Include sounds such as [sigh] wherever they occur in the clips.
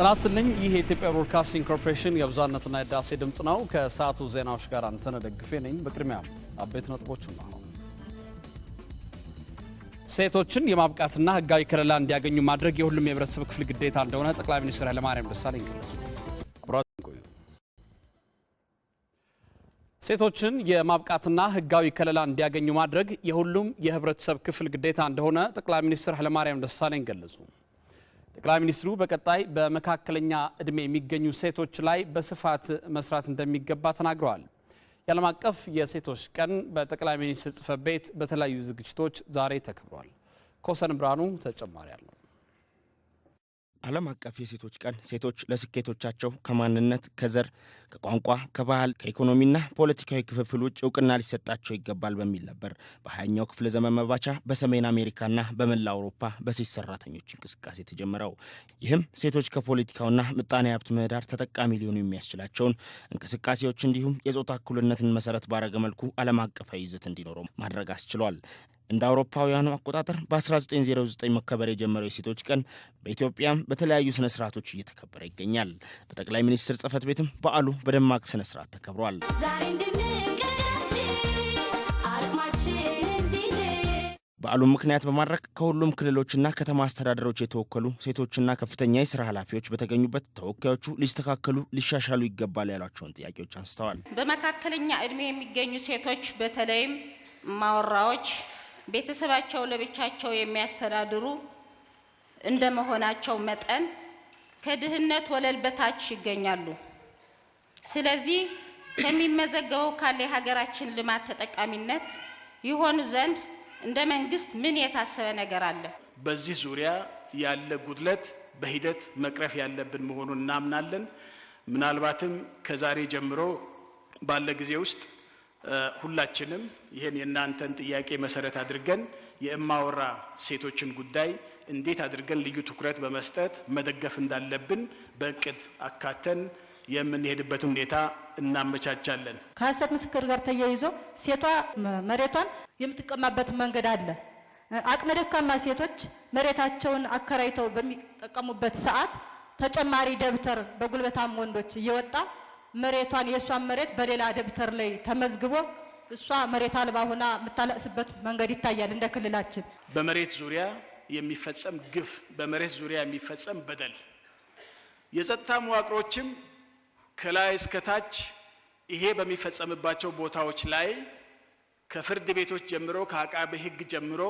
ጤና ይስጥልኝ። ይህ የኢትዮጵያ ብሮድካስቲንግ ኮርፖሬሽን የብዛነትና የዳሴ ድምፅ ነው። ከሰዓቱ ዜናዎች ጋር አንተነህ ደግፌ ነኝ። በቅድሚያ አበይት ነጥቦቹ ነው። ሴቶችን የማብቃትና ህጋዊ ከለላ እንዲያገኙ ማድረግ የሁሉም የህብረተሰብ ክፍል ግዴታ እንደሆነ ጠቅላይ ሚኒስትር ኃይለማርያም ደሳለኝ ገለጹ። ሴቶችን የማብቃትና ህጋዊ ከለላ እንዲያገኙ ማድረግ የሁሉም የህብረተሰብ ክፍል ግዴታ እንደሆነ ጠቅላይ ሚኒስትር ኃይለማርያም ደሳለኝ ገለጹ። ጠቅላይ ሚኒስትሩ በቀጣይ በመካከለኛ ዕድሜ የሚገኙ ሴቶች ላይ በስፋት መስራት እንደሚገባ ተናግረዋል። የዓለም አቀፍ የሴቶች ቀን በጠቅላይ ሚኒስትር ጽፈት ቤት በተለያዩ ዝግጅቶች ዛሬ ተከብሯል። ኮሰን ብርሃኑ ተጨማሪ አለው። ዓለም አቀፍ የሴቶች ቀን ሴቶች ለስኬቶቻቸው ከማንነት፣ ከዘር፣ ከቋንቋ፣ ከባህል፣ ከኢኮኖሚና ፖለቲካዊ ክፍፍል ውጭ እውቅና ሊሰጣቸው ይገባል በሚል ነበር በሀያኛው ክፍለ ዘመን መባቻ በሰሜን አሜሪካና በመላ አውሮፓ በሴት ሰራተኞች እንቅስቃሴ ተጀመረው ይህም ሴቶች ከፖለቲካውና ምጣኔ ሀብት ምህዳር ተጠቃሚ ሊሆኑ የሚያስችላቸውን እንቅስቃሴዎች እንዲሁም የጾታ እኩልነትን መሰረት ባረገ መልኩ ዓለም አቀፋዊ ይዘት እንዲኖረው ማድረግ አስችሏል። እንደ አውሮፓውያኑ አቆጣጠር በ1909 መከበር የጀመረው የሴቶች ቀን በኢትዮጵያም በተለያዩ ስነ ስርዓቶች እየተከበረ ይገኛል። በጠቅላይ ሚኒስትር ጽህፈት ቤትም በዓሉ በደማቅ ስነ ስርዓት ተከብሯል። በዓሉን ምክንያት በማድረግ ከሁሉም ክልሎችና ከተማ አስተዳደሮች የተወከሉ ሴቶችና ከፍተኛ የስራ ኃላፊዎች በተገኙበት ተወካዮቹ ሊስተካከሉ ሊሻሻሉ ይገባል ያሏቸውን ጥያቄዎች አንስተዋል። በመካከለኛ እድሜ የሚገኙ ሴቶች በተለይም ማወራዎች ቤተሰባቸው ለብቻቸው የሚያስተዳድሩ እንደመሆናቸው መጠን ከድህነት ወለል በታች ይገኛሉ። ስለዚህ ከሚመዘገበው ካለ የሀገራችን ልማት ተጠቃሚነት ይሆኑ ዘንድ እንደ መንግስት ምን የታሰበ ነገር አለ? በዚህ ዙሪያ ያለ ጉድለት በሂደት መቅረፍ ያለብን መሆኑን እናምናለን። ምናልባትም ከዛሬ ጀምሮ ባለ ጊዜ ውስጥ ሁላችንም ይህን የእናንተን ጥያቄ መሰረት አድርገን የእማወራ ሴቶችን ጉዳይ እንዴት አድርገን ልዩ ትኩረት በመስጠት መደገፍ እንዳለብን በእቅድ አካተን የምንሄድበት ሁኔታ እናመቻቻለን። ከሀሰት ምስክር ጋር ተያይዞ ሴቷ መሬቷን የምትቀማበት መንገድ አለ። አቅመ ደካማ ሴቶች መሬታቸውን አከራይተው በሚጠቀሙበት ሰዓት ተጨማሪ ደብተር በጉልበታም ወንዶች እየወጣ መሬቷን የእሷን መሬት በሌላ ደብተር ላይ ተመዝግቦ እሷ መሬት አልባ ሆና የምታለቅስበት መንገድ ይታያል። እንደ ክልላችን በመሬት ዙሪያ የሚፈጸም ግፍ፣ በመሬት ዙሪያ የሚፈጸም በደል የጸጥታ መዋቅሮችም ከላይ እስከ ታች ይሄ በሚፈጸምባቸው ቦታዎች ላይ ከፍርድ ቤቶች ጀምሮ ከአቃቤ ሕግ ጀምሮ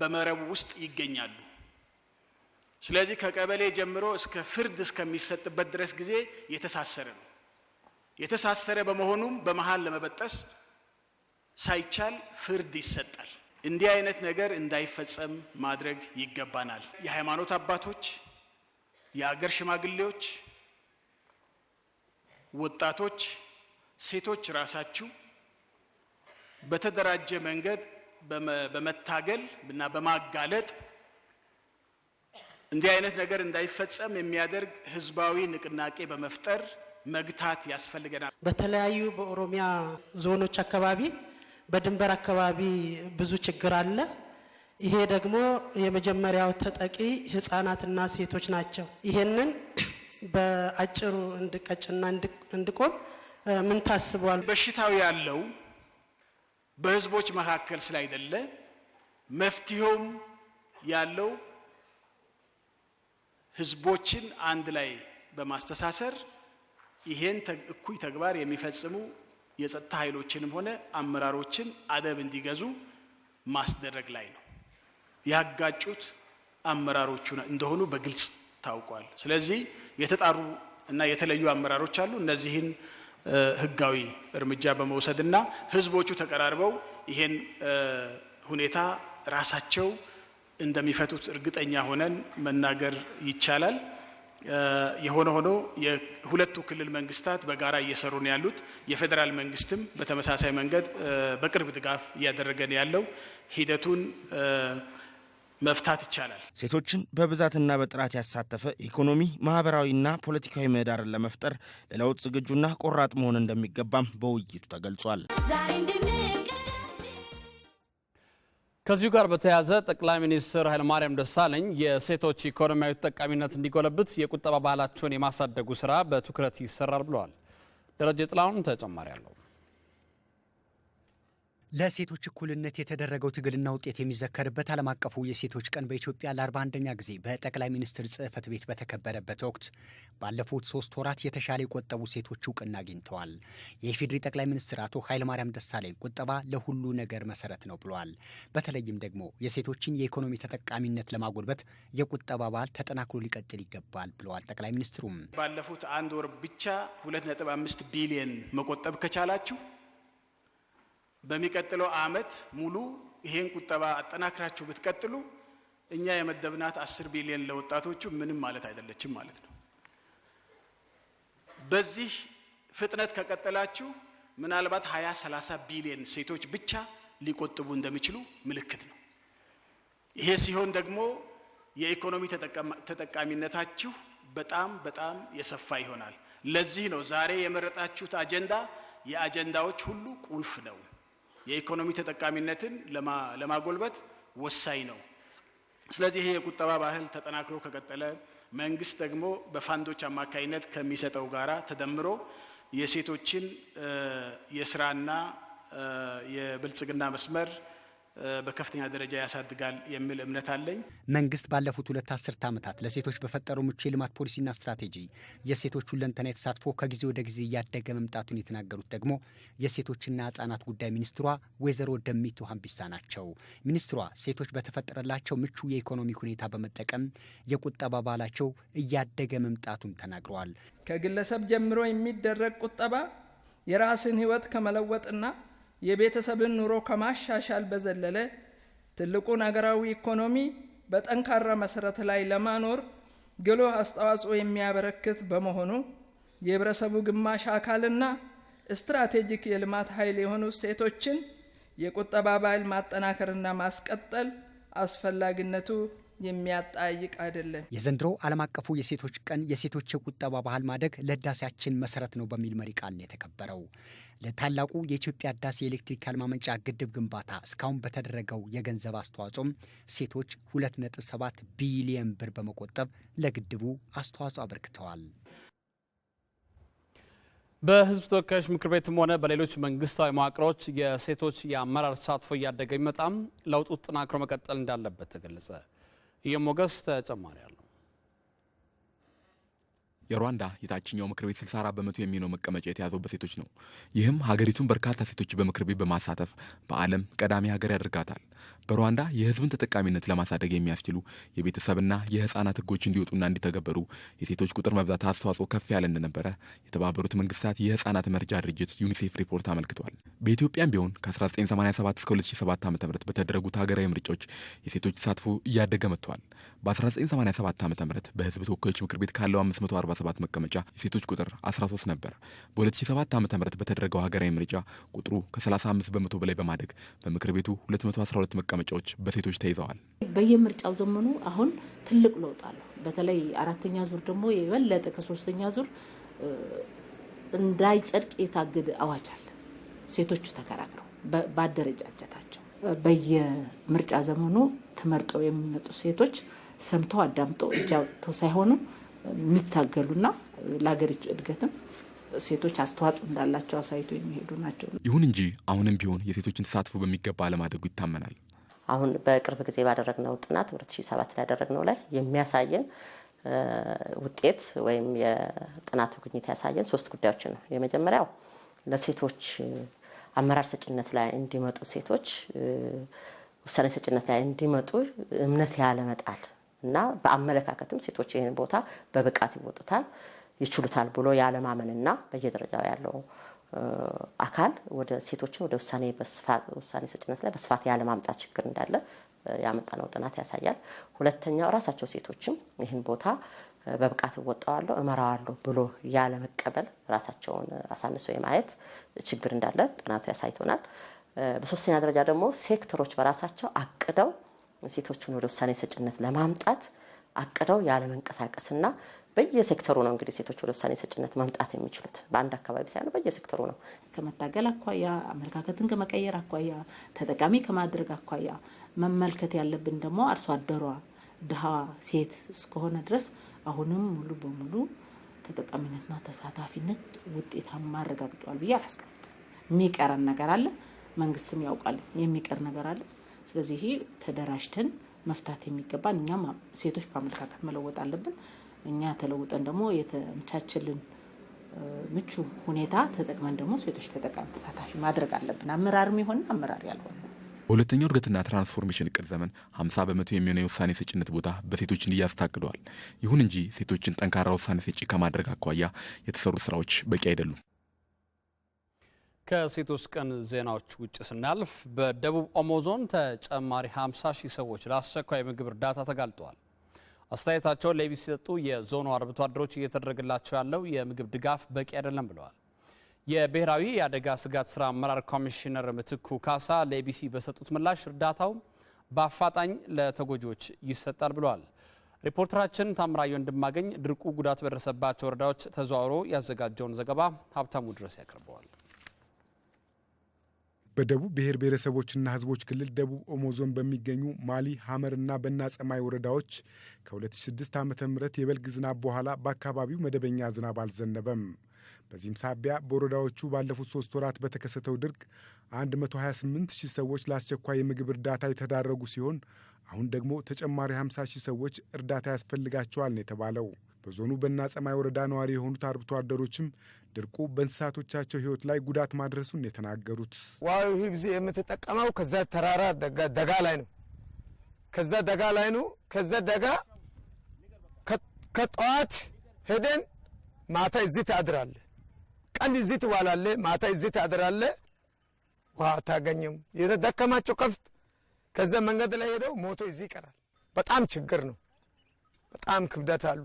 በመረቡ ውስጥ ይገኛሉ። ስለዚህ ከቀበሌ ጀምሮ እስከ ፍርድ እስከሚሰጥበት ድረስ ጊዜ የተሳሰረ ነው። የተሳሰረ በመሆኑም በመሃል ለመበጠስ ሳይቻል ፍርድ ይሰጣል። እንዲህ አይነት ነገር እንዳይፈጸም ማድረግ ይገባናል። የሃይማኖት አባቶች፣ የአገር ሽማግሌዎች፣ ወጣቶች፣ ሴቶች ራሳችሁ በተደራጀ መንገድ በመታገል እና በማጋለጥ እንዲህ አይነት ነገር እንዳይፈጸም የሚያደርግ ህዝባዊ ንቅናቄ በመፍጠር መግታት ያስፈልገናል። በተለያዩ በኦሮሚያ ዞኖች አካባቢ በድንበር አካባቢ ብዙ ችግር አለ። ይሄ ደግሞ የመጀመሪያው ተጠቂ ህጻናትና ሴቶች ናቸው። ይሄንን [clears throat] በአጭሩ እንድቀጭና እንድቆም ምን ታስቧል? በሽታው ያለው በህዝቦች መካከል ስላይደለ መፍትሄውም ያለው ህዝቦችን አንድ ላይ በማስተሳሰር ይሄን እኩይ ተግባር የሚፈጽሙ የጸጥታ ኃይሎችንም ሆነ አመራሮችን አደብ እንዲገዙ ማስደረግ ላይ ነው። ያጋጩት አመራሮቹ እንደሆኑ በግልጽ ታውቋል። ስለዚህ የተጣሩ እና የተለዩ አመራሮች አሉ። እነዚህን ህጋዊ እርምጃ በመውሰድ እና ህዝቦቹ ተቀራርበው ይሄን ሁኔታ ራሳቸው እንደሚፈቱት እርግጠኛ ሆነን መናገር ይቻላል። የሆነ ሆኖ የሁለቱ ክልል መንግስታት በጋራ እየሰሩ ነው ያሉት። የፌዴራል መንግስትም በተመሳሳይ መንገድ በቅርብ ድጋፍ እያደረገ ነው ያለው። ሂደቱን መፍታት ይቻላል። ሴቶችን በብዛትና በጥራት ያሳተፈ ኢኮኖሚ፣ ማህበራዊና ፖለቲካዊ ምህዳርን ለመፍጠር ለለውጥ ዝግጁና ቆራጥ መሆን እንደሚገባም በውይይቱ ተገልጿል። ከዚሁ ጋር በተያያዘ ጠቅላይ ሚኒስትር ኃይለማርያም ደሳለኝ የሴቶች ኢኮኖሚያዊ ተጠቃሚነት እንዲጎለብት የቁጠባ ባህላቸውን የማሳደጉ ስራ በትኩረት ይሰራል ብለዋል። ደረጀ ጥላሁን ተጨማሪ አለው። ለሴቶች እኩልነት የተደረገው ትግልና ውጤት የሚዘከርበት ዓለም አቀፉ የሴቶች ቀን በኢትዮጵያ ለ41ኛ ጊዜ በጠቅላይ ሚኒስትር ጽህፈት ቤት በተከበረበት ወቅት ባለፉት ሶስት ወራት የተሻለ የቆጠቡ ሴቶች እውቅና አግኝተዋል። የኢፌዴሪ ጠቅላይ ሚኒስትር አቶ ኃይለማርያም ደሳለኝ ቁጠባ ለሁሉ ነገር መሰረት ነው ብለዋል። በተለይም ደግሞ የሴቶችን የኢኮኖሚ ተጠቃሚነት ለማጎልበት የቁጠባ ባህል ተጠናክሮ ሊቀጥል ይገባል ብለዋል። ጠቅላይ ሚኒስትሩም ባለፉት አንድ ወር ብቻ 2.5 ቢሊየን መቆጠብ ከቻላችሁ በሚቀጥለው አመት ሙሉ ይሄን ቁጠባ አጠናክራችሁ ብትቀጥሉ እኛ የመደብናት አስር ቢሊዮን ለወጣቶቹ ምንም ማለት አይደለችም ማለት ነው። በዚህ ፍጥነት ከቀጠላችሁ ምናልባት 20 30 ቢሊዮን ሴቶች ብቻ ሊቆጥቡ እንደሚችሉ ምልክት ነው። ይሄ ሲሆን ደግሞ የኢኮኖሚ ተጠቃሚነታችሁ በጣም በጣም የሰፋ ይሆናል። ለዚህ ነው ዛሬ የመረጣችሁት አጀንዳ የአጀንዳዎች ሁሉ ቁልፍ ነው። የኢኮኖሚ ተጠቃሚነትን ለማጎልበት ወሳኝ ነው። ስለዚህ ይሄ የቁጠባ ባህል ተጠናክሮ ከቀጠለ መንግስት ደግሞ በፋንዶች አማካኝነት ከሚሰጠው ጋራ ተደምሮ የሴቶችን የስራና የብልጽግና መስመር በከፍተኛ ደረጃ ያሳድጋል የሚል እምነት አለኝ። መንግስት ባለፉት ሁለት አስርት ዓመታት ለሴቶች በፈጠረው ምቹ የልማት ፖሊሲና ስትራቴጂ የሴቶች ሁለንተናዊ የተሳትፎ ከጊዜ ወደ ጊዜ እያደገ መምጣቱን የተናገሩት ደግሞ የሴቶችና ህጻናት ጉዳይ ሚኒስትሯ ወይዘሮ ደሚቱ ሀምቢሳ ናቸው። ሚኒስትሯ ሴቶች በተፈጠረላቸው ምቹ የኢኮኖሚ ሁኔታ በመጠቀም የቁጠባ ባህላቸው እያደገ መምጣቱን ተናግረዋል። ከግለሰብ ጀምሮ የሚደረግ ቁጠባ የራስን ህይወት ከመለወጥና የቤተሰብን ኑሮ ከማሻሻል በዘለለ ትልቁን አገራዊ ኢኮኖሚ በጠንካራ መሰረት ላይ ለማኖር ግሎ አስተዋጽኦ የሚያበረክት በመሆኑ የህብረተሰቡ ግማሽ አካልና ስትራቴጂክ የልማት ኃይል የሆኑ ሴቶችን የቁጠባ ባህል ማጠናከርና ማስቀጠል አስፈላጊነቱ የሚያጠያይቅ አይደለም። የዘንድሮ ዓለም አቀፉ የሴቶች ቀን የሴቶች የቁጠባ ባህል ማደግ ለህዳሴያችን መሰረት ነው በሚል መሪ ቃል ነው የተከበረው። ለታላቁ የኢትዮጵያ ህዳሴ የኤሌክትሪክ ኃይል ማመንጫ ግድብ ግንባታ እስካሁን በተደረገው የገንዘብ አስተዋጽኦም ሴቶች 2.7 ቢሊየን ብር በመቆጠብ ለግድቡ አስተዋጽኦ አበርክተዋል። በህዝብ ተወካዮች ምክር ቤትም ሆነ በሌሎች መንግስታዊ መዋቅሮች የሴቶች የአመራር ተሳትፎ እያደገ ቢመጣም ለውጡ ተጠናክሮ መቀጠል እንዳለበት ተገለጸ። የሞገስ ተጨማሪ ያለው የሩዋንዳ የታችኛው ምክር ቤት 64 በመቶ የሚሆነው መቀመጫ የተያዘው በሴቶች ነው። ይህም ሀገሪቱን በርካታ ሴቶች በምክር ቤት በማሳተፍ በዓለም ቀዳሚ ሀገር ያደርጋታል። በሩዋንዳ የህዝብን ተጠቃሚነት ለማሳደግ የሚያስችሉ የቤተሰብና የህፃናት ህጎች እንዲወጡና እንዲተገበሩ የሴቶች ቁጥር መብዛት አስተዋጽኦ ከፍ ያለ እንደነበረ የተባበሩት መንግስታት የህፃናት መርጃ ድርጅት ዩኒሴፍ ሪፖርት አመልክቷል። በኢትዮጵያም ቢሆን ከ1987 እስከ 2007 ዓ ም በተደረጉት ሀገራዊ ምርጫዎች የሴቶች ተሳትፎ እያደገ መጥቷል። በ1987 ዓ ም በህዝብ ተወካዮች ምክር ቤት ካለው 547 መቀመጫ የሴቶች ቁጥር 13 ነበር። በ2007 ዓ ም በተደረገው ሀገራዊ ምርጫ ቁጥሩ ከ35 በመቶ በላይ በማደግ በምክር ቤቱ 212 ሁለት መቀመጫዎች በሴቶች ተይዘዋል። በየምርጫው ዘመኑ አሁን ትልቅ ለውጥ አለው። በተለይ አራተኛ ዙር ደግሞ የበለጠ ከሶስተኛ ዙር እንዳይጸድቅ የታገደ አዋጅ አለ። ሴቶቹ ተከራክረው በአደረጃጀታቸው በየምርጫ ዘመኑ ተመርጠው የሚመጡ ሴቶች ሰምተው አዳምጠው እጃ ሳይሆኑ የሚታገሉና ለሀገሪቱ እድገትም ሴቶች አስተዋጽኦ እንዳላቸው አሳይቶ የሚሄዱ ናቸው። ይሁን እንጂ አሁንም ቢሆን የሴቶችን ተሳትፎ በሚገባ አለማደጉ ይታመናል። አሁን በቅርብ ጊዜ ባደረግነው ጥናት 2007 ላይ ያደረግነው ላይ የሚያሳየን ውጤት ወይም የጥናቱ ግኝት ያሳየን ሶስት ጉዳዮችን ነው። የመጀመሪያው ለሴቶች አመራር ሰጭነት ላይ እንዲመጡ ሴቶች ውሳኔ ሰጭነት ላይ እንዲመጡ እምነት ያለመጣል እና በአመለካከትም ሴቶች ይህን ቦታ በብቃት ይወጡታል። ይችሉታል ብሎ ያለማመንና በየደረጃው ያለው አካል ወደ ሴቶችን ወደ ውሳኔ በስፋት ውሳኔ ሰጭነት ላይ በስፋት ያለማምጣት ችግር እንዳለ ያመጣነው ጥናት ያሳያል። ሁለተኛው ራሳቸው ሴቶችም ይህን ቦታ በብቃት እወጣዋለሁ እመራዋለሁ ብሎ ያለመቀበል ራሳቸውን አሳንሶ የማየት ችግር እንዳለ ጥናቱ ያሳይቶናል። በሶስተኛ ደረጃ ደግሞ ሴክተሮች በራሳቸው አቅደው ሴቶችን ወደ ውሳኔ ሰጭነት ለማምጣት አቅደው ያለመንቀሳቀስና በየሴክተሩ ነው እንግዲህ ሴቶች ወደ ውሳኔ ሰጭነት መምጣት የሚችሉት በአንድ አካባቢ ሳይሆን በየሴክተሩ ነው። ከመታገል አኳያ፣ አመለካከትን ከመቀየር አኳያ፣ ተጠቃሚ ከማድረግ አኳያ መመልከት ያለብን ደግሞ አርሶ አደሯ ድሃዋ ሴት እስከሆነ ድረስ አሁንም ሙሉ በሙሉ ተጠቃሚነትና ተሳታፊነት ውጤታማ አረጋግጧል ብዬ አላስቀምጥም። የሚቀረን ነገር አለ፣ መንግስትም ያውቃል የሚቀር ነገር አለ። ስለዚህ ተደራጅተን መፍታት የሚገባን እኛም ሴቶች በአመለካከት መለወጥ አለብን። እኛ ተለውጠን ደግሞ የተመቻቸልን ምቹ ሁኔታ ተጠቅመን ደግሞ ሴቶች ተጠቃሚ ተሳታፊ ማድረግ አለብን። አመራርም የሆነ አመራር ያልሆነ በሁለተኛው እድገትና ትራንስፎርሜሽን እቅድ ዘመን 50 በመቶ የሚሆነው የውሳኔ ሰጭነት ቦታ በሴቶች እንዲያስታግደዋል። ይሁን እንጂ ሴቶችን ጠንካራ ውሳኔ ሰጪ ከማድረግ አኳያ የተሰሩ ስራዎች በቂ አይደሉም። ከሴቶች ቀን ዜናዎች ውጭ ስናልፍ በደቡብ ኦሞ ዞን ተጨማሪ 50 ሺህ ሰዎች ለአስቸኳይ ምግብ እርዳታ ተጋልጠዋል። አስተያየታቸውን ለኢቢሲ ሰጡ የዞኑ አርብቶ አደሮች እየተደረገላቸው ያለው የምግብ ድጋፍ በቂ አይደለም ብለዋል። የብሔራዊ የአደጋ ስጋት ስራ አመራር ኮሚሽነር ምትኩ ካሳ ለኢቢሲ በሰጡት ምላሽ እርዳታው በአፋጣኝ ለተጎጂዎች ይሰጣል ብለዋል። ሪፖርተራችን ታምራዊ እንድማገኝ ድርቁ ጉዳት በደረሰባቸው ወረዳዎች ተዘዋውሮ ያዘጋጀውን ዘገባ ሀብታሙ ድረስ ያቀርበዋል። በደቡብ ብሔር ብሔረሰቦችና ህዝቦች ክልል ደቡብ ኦሞ ዞን በሚገኙ ማሊ ሐመርና በና ጸማይ ወረዳዎች ከ2006 ዓ ም የበልግ ዝናብ በኋላ በአካባቢው መደበኛ ዝናብ አልዘነበም። በዚህም ሳቢያ በወረዳዎቹ ባለፉት ሶስት ወራት በተከሰተው ድርቅ 128 ሺህ ሰዎች ለአስቸኳይ የምግብ እርዳታ የተዳረጉ ሲሆን አሁን ደግሞ ተጨማሪ 50 ሺህ ሰዎች እርዳታ ያስፈልጋቸዋል ነው የተባለው። በዞኑ በና ጸማይ ወረዳ ነዋሪ የሆኑት አርብቶ አደሮችም ድርቁ በእንስሳቶቻቸው ሕይወት ላይ ጉዳት ማድረሱን የተናገሩት ዋዩ ሂብዚ የምትጠቀመው ከዛ ተራራ ደጋ ላይ ነው። ከዛ ደጋ ላይ ነው። ከዛ ደጋ ከጠዋት ሄደን ማታ እዚህ ታድራለ። ቀን እዚህ ትዋላለ፣ ማታ እዚህ ታድራለ። ውሃ አታገኝም። የተደከማቸው ከፍት ከዛ መንገድ ላይ ሄደው ሞቶ እዚህ ይቀራል። በጣም ችግር ነው። በጣም ክብደት አሉ።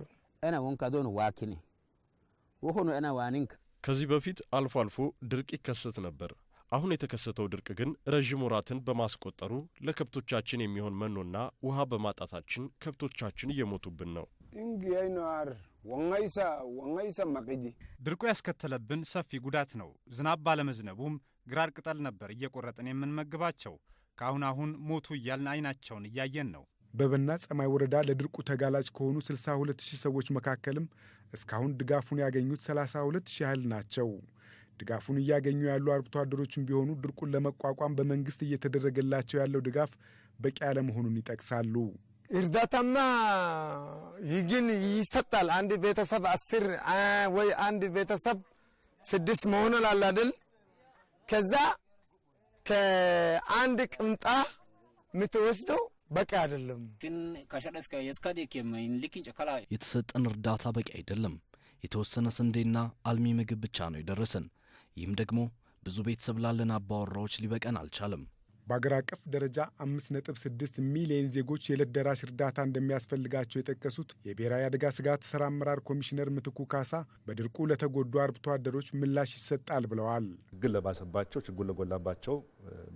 ከዚህ በፊት አልፎ አልፎ ድርቅ ይከሰት ነበር። አሁን የተከሰተው ድርቅ ግን ረዥም ወራትን በማስቆጠሩ ለከብቶቻችን የሚሆን መኖና ውሃ በማጣታችን ከብቶቻችን እየሞቱብን ነው። ድርቁ ያስከተለብን ሰፊ ጉዳት ነው። ዝናብ ባለመዝነቡም ግራር ቅጠል ነበር እየቆረጥን የምንመግባቸው። ከአሁን አሁን ሞቱ እያልን አይናቸውን እያየን ነው። በበና ጸማይ ወረዳ ለድርቁ ተጋላጭ ከሆኑ 62000 ሰዎች መካከልም እስካሁን ድጋፉን ያገኙት 32000 ያህል ናቸው። ድጋፉን እያገኙ ያሉ አርብቶ አደሮችም ቢሆኑ ድርቁን ለመቋቋም በመንግስት እየተደረገላቸው ያለው ድጋፍ በቂ ያለመሆኑን ይጠቅሳሉ። እርዳታማ ይግን ይሰጣል። አንድ ቤተሰብ አስር ወይ አንድ ቤተሰብ ስድስት መሆን ላላድል ከዛ ከአንድ ቅምጣ የምትወስደው በቂ አይደለም። የተሰጠን እርዳታ በቂ አይደለም። የተወሰነ ስንዴና አልሚ ምግብ ብቻ ነው የደረሰን። ይህም ደግሞ ብዙ ቤተሰብ ላለን አባወራዎች ሊበቀን አልቻለም። በአገር አቀፍ ደረጃ 5.6 ሚሊዮን ዜጎች የዕለት ደራሽ እርዳታ እንደሚያስፈልጋቸው የጠቀሱት የብሔራዊ አደጋ ስጋት ሥራ አመራር ኮሚሽነር ምትኩ ካሳ በድርቁ ለተጎዱ አርብቶ አደሮች ምላሽ ይሰጣል ብለዋል። ችግር ለባሰባቸው፣ ችግር ለጎላባቸው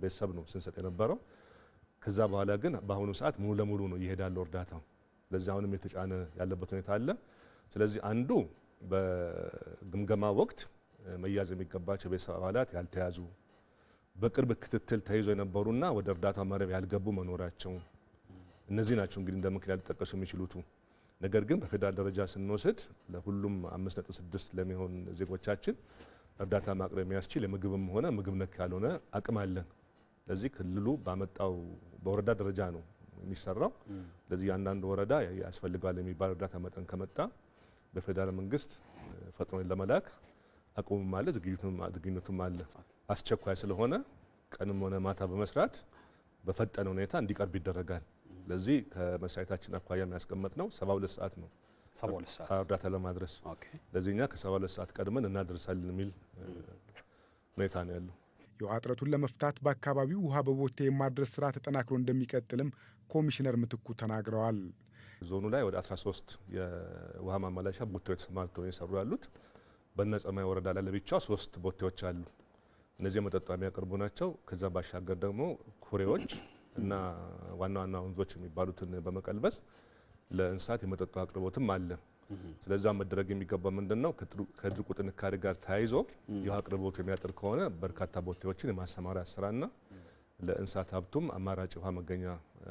ቤተሰብ ነው ስንሰጥ የነበረው ከዛ በኋላ ግን በአሁኑ ሰዓት ሙሉ ለሙሉ ነው ይሄዳለው እርዳታው። ለዚህ አሁንም የተጫነ ያለበት ሁኔታ አለ። ስለዚህ አንዱ በግምገማ ወቅት መያዝ የሚገባቸው ቤተሰብ አባላት ያልተያዙ በቅርብ ክትትል ተይዞ የነበሩና ወደ እርዳታ መረብ ያልገቡ መኖራቸው እነዚህ ናቸው እንግዲህ እንደ ምክንያት ሊጠቀሱ የሚችሉቱ። ነገር ግን በፌዴራል ደረጃ ስንወስድ ለሁሉም 5.6 ለሚሆን ዜጎቻችን እርዳታ ማቅረብ የሚያስችል የምግብም ሆነ ምግብ ነክ ያልሆነ አቅም አለን። ለዚህ ክልሉ ባመጣው በወረዳ ደረጃ ነው የሚሰራው። ለዚህ የአንዳንድ ወረዳ ያስፈልጋል የሚባል እርዳታ መጠን ከመጣ በፌዴራል መንግስት ፈጥኖ ለመላክ አቅሙም አለ፣ ዝግጁነቱም አለ። አስቸኳይ ስለሆነ ቀንም ሆነ ማታ በመስራት በፈጠነ ሁኔታ እንዲቀርብ ይደረጋል። ለዚህ ከመስሪያታችን አኳያ የሚያስቀመጥ ነው 72 ሰዓት ነው እርዳታ ለማድረስ ለዚህኛ ከ72 ሰዓት ቀድመን እናደርሳለን የሚል ሁኔታ ነው ያለው። የውሃ እጥረቱን ለመፍታት በአካባቢው ውሃ በቦቴ የማድረስ ስራ ተጠናክሮ እንደሚቀጥልም ኮሚሽነር ምትኩ ተናግረዋል። ዞኑ ላይ ወደ 13 የውሃ ማመላለሻ ቦቴዎች ተሰማርተው የሰሩ ያሉት በነ ወረዳ ላይ ለብቻው ሶስት ቦቴዎች አሉ። እነዚህ መጠጥ የሚያቀርቡ ናቸው። ከዛ ባሻገር ደግሞ ኩሬዎች እና ዋና ዋና ወንዞች የሚባሉትን በመቀልበስ ለእንስሳት የመጠጥ አቅርቦትም አለ። ስለዛ መደረግ የሚገባው ምንድን ነው? ከድርቁ ጥንካሬ ጋር ተያይዞ የውሃ አቅርቦት የሚያጥር ከሆነ በርካታ ቦቴዎችን የማሰማሪያ ስራና ለእንስሳት ሀብቱም አማራጭ ውሃ መገኛ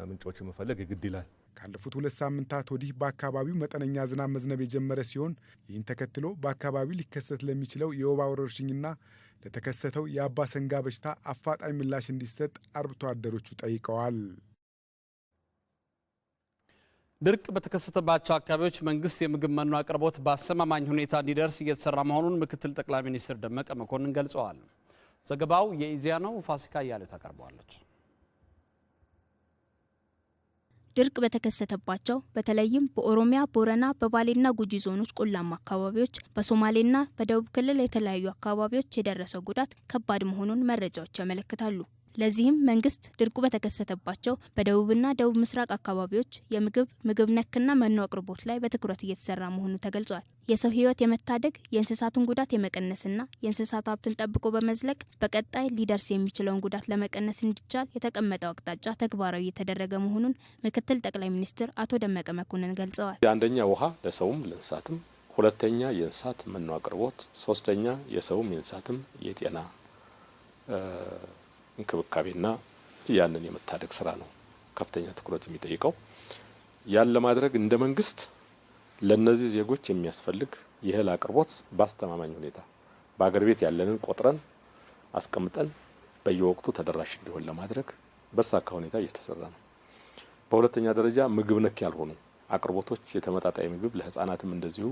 ምንጮች መፈለግ የግድ ይላል። ካለፉት ሁለት ሳምንታት ወዲህ በአካባቢው መጠነኛ ዝናብ መዝነብ የጀመረ ሲሆን ይህን ተከትሎ በአካባቢው ሊከሰት ለሚችለው የወባ ወረርሽኝና ለተከሰተው የአባ ሰንጋ በሽታ አፋጣኝ ምላሽ እንዲሰጥ አርብቶ አደሮቹ ጠይቀዋል። ድርቅ በተከሰተባቸው አካባቢዎች መንግስት የምግብ መኖ አቅርቦት በአስተማማኝ ሁኔታ እንዲደርስ እየተሰራ መሆኑን ምክትል ጠቅላይ ሚኒስትር ደመቀ መኮንን ገልጸዋል። ዘገባው የኢዜአ ነው። ፋሲካ እያሌው ታቀርበዋለች። ድርቅ በተከሰተባቸው በተለይም በኦሮሚያ ቦረና፣ በባሌና ጉጂ ዞኖች ቆላማ አካባቢዎች፣ በሶማሌና በደቡብ ክልል የተለያዩ አካባቢዎች የደረሰው ጉዳት ከባድ መሆኑን መረጃዎች ያመለክታሉ። ለዚህም መንግስት ድርቁ በተከሰተባቸው በደቡብና ደቡብ ምስራቅ አካባቢዎች የምግብ ምግብ ነክና መኖ አቅርቦት ላይ በትኩረት እየተሰራ መሆኑ ተገልጿል። የሰው ህይወት የመታደግ የእንስሳቱን ጉዳት የመቀነስና የእንስሳት ሀብትን ጠብቆ በመዝለቅ በቀጣይ ሊደርስ የሚችለውን ጉዳት ለመቀነስ እንዲቻል የተቀመጠው አቅጣጫ ተግባራዊ እየተደረገ መሆኑን ምክትል ጠቅላይ ሚኒስትር አቶ ደመቀ መኮንን ገልጸዋል። አንደኛ ውሃ ለሰውም ለእንስሳትም፣ ሁለተኛ የእንስሳት መኖ አቅርቦት፣ ሶስተኛ የሰውም የእንስሳትም የጤና እንክብካቤና ያንን የመታደግ ስራ ነው ከፍተኛ ትኩረት የሚጠይቀው። ያን ለማድረግ እንደ መንግስት ለነዚህ ዜጎች የሚያስፈልግ የእህል አቅርቦት በአስተማማኝ ሁኔታ በአገር ቤት ያለንን ቆጥረን አስቀምጠን በየወቅቱ ተደራሽ እንዲሆን ለማድረግ በሳካ ሁኔታ እየተሰራ ነው። በሁለተኛ ደረጃ ምግብ ነክ ያልሆኑ አቅርቦቶች የተመጣጣኝ ምግብ ለህፃናትም እንደዚሁ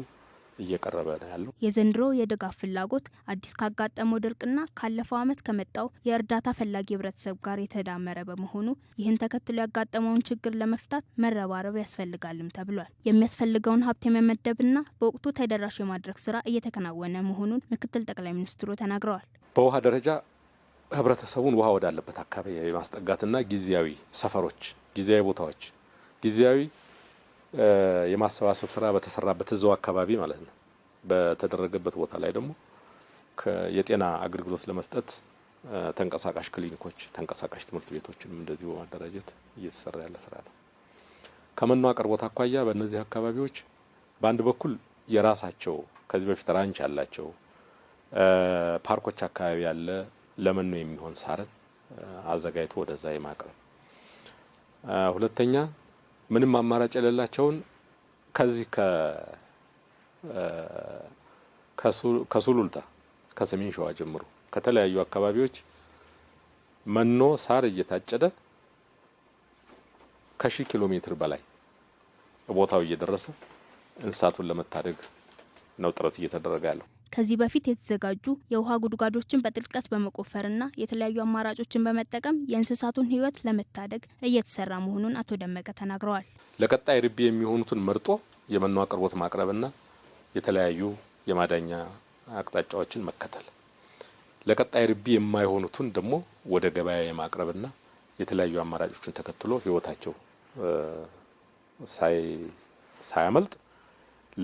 እየቀረበ ነው ያለው። የዘንድሮ የድጋፍ ፍላጎት አዲስ ካጋጠመው ድርቅና ካለፈው ዓመት ከመጣው የእርዳታ ፈላጊ ህብረተሰብ ጋር የተዳመረ በመሆኑ ይህን ተከትሎ ያጋጠመውን ችግር ለመፍታት መረባረብ ያስፈልጋልም ተብሏል። የሚያስፈልገውን ሀብት የመመደብና በወቅቱ ተደራሽ የማድረግ ስራ እየተከናወነ መሆኑን ምክትል ጠቅላይ ሚኒስትሩ ተናግረዋል። በውሃ ደረጃ ህብረተሰቡን ውሃ ወዳለበት አካባቢ የማስጠጋትና ጊዜያዊ ሰፈሮች፣ ጊዜያዊ ቦታዎች፣ ጊዜያዊ የማሰባሰብ ስራ በተሰራበት እዛው አካባቢ ማለት ነው። በተደረገበት ቦታ ላይ ደግሞ የጤና አገልግሎት ለመስጠት ተንቀሳቃሽ ክሊኒኮች፣ ተንቀሳቃሽ ትምህርት ቤቶችንም እንደዚሁ በማደራጀት እየተሰራ ያለ ስራ ነው። ከመኖ አቅርቦት አኳያ በእነዚህ አካባቢዎች በአንድ በኩል የራሳቸው ከዚህ በፊት ራንች ያላቸው ፓርኮች አካባቢ ያለ ለመኖ የሚሆን ሳርን አዘጋጅቶ ወደዛ የማቅረብ ሁለተኛ ምንም አማራጭ የሌላቸውን ከዚህ ከሱሉልታ ከሰሜን ሸዋ ጀምሮ ከተለያዩ አካባቢዎች መኖ ሳር እየታጨደ ከሺህ ኪሎ ሜትር በላይ ቦታው እየደረሰ እንስሳቱን ለመታደግ ነው ጥረት እየተደረገ ያለው። ከዚህ በፊት የተዘጋጁ የውሃ ጉድጓዶችን በጥልቀት በመቆፈርና የተለያዩ አማራጮችን በመጠቀም የእንስሳቱን ሕይወት ለመታደግ እየተሰራ መሆኑን አቶ ደመቀ ተናግረዋል። ለቀጣይ ርቢ የሚሆኑትን መርጦ የመኖ አቅርቦት ማቅረብና የተለያዩ የማዳኛ አቅጣጫዎችን መከተል፣ ለቀጣይ ርቢ የማይሆኑትን ደግሞ ወደ ገበያ የማቅረብና የተለያዩ አማራጮችን ተከትሎ ሕይወታቸው ሳያመልጥ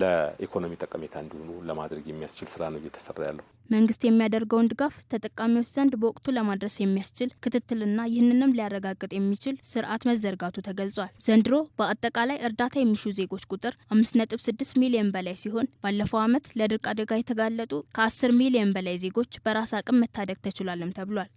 ለኢኮኖሚ ጠቀሜታ እንዲሆኑ ለማድረግ የሚያስችል ስራ ነው እየተሰራ ያለው። መንግስት የሚያደርገውን ድጋፍ ተጠቃሚዎች ዘንድ በወቅቱ ለማድረስ የሚያስችል ክትትልና ይህንንም ሊያረጋግጥ የሚችል ስርዓት መዘርጋቱ ተገልጿል። ዘንድሮ በአጠቃላይ እርዳታ የሚሹ ዜጎች ቁጥር 5.6 ሚሊዮን በላይ ሲሆን ባለፈው ዓመት ለድርቅ አደጋ የተጋለጡ ከ10 ሚሊዮን በላይ ዜጎች በራስ አቅም መታደግ ተችሏልም ተብሏል።